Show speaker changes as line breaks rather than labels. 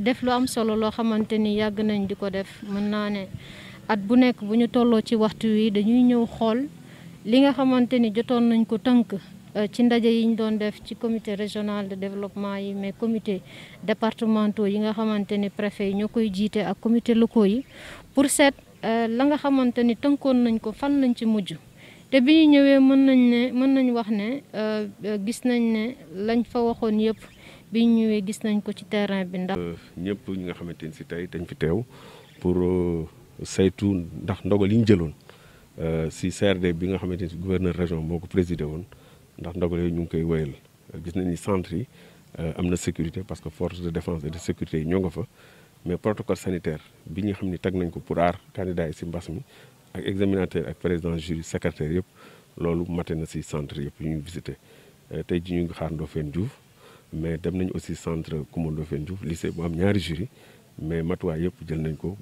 def lu am solo loo xamante ni yàgg nañ di ko def mën naa ne at bu nekk bu ñu tolloo ci waxtu wi dañuy ñëw xool li nga xamante ni jotoon nañ ko tënk euh, ci ndaje yi ñu doon def ci commité régional de développement yi mais comité départementaux yi nga xamante ni préfet yi ñoo koy jiite ak comité locaux yi pour seet euh, la nga xamante ni tënkoon nañ ko fan lañ ci mujj te bi ñu ñëwee mën nañ ne mën nañ wax ne euh, gis nañ ne lañ fa waxoon yëpp bi ñu ñëwee gis nañ ko ci terrain bi ndax.
ñëpp ñi nga xamante ni si tey dañ fi teew pour euh, saytu ndax ndogal yi ñu jëloon euh, si CRD bi nga xamante ni gouverneur région moo ko présidé woon ndax ndogal yooyu ñu ngi koy wéyal gis nañ ni centre yi euh, am na sécurité parce que force de défense et de sécurité yi ñoo nga fa mais protocole sanitaire bi ñu xam ni teg nañ ko pour aar candidat yi si mbas mi ak examinateur ak président jury secrétaire yëpp loolu mate na si centre yëpp ñu visité tey ju ñu ngi xaar Ndofène Diouf mais dem nañ aussi centre Coumba Ndoffène Diouf lycée bu am ñaari jury mais matuwaay yëpp jël nañ ko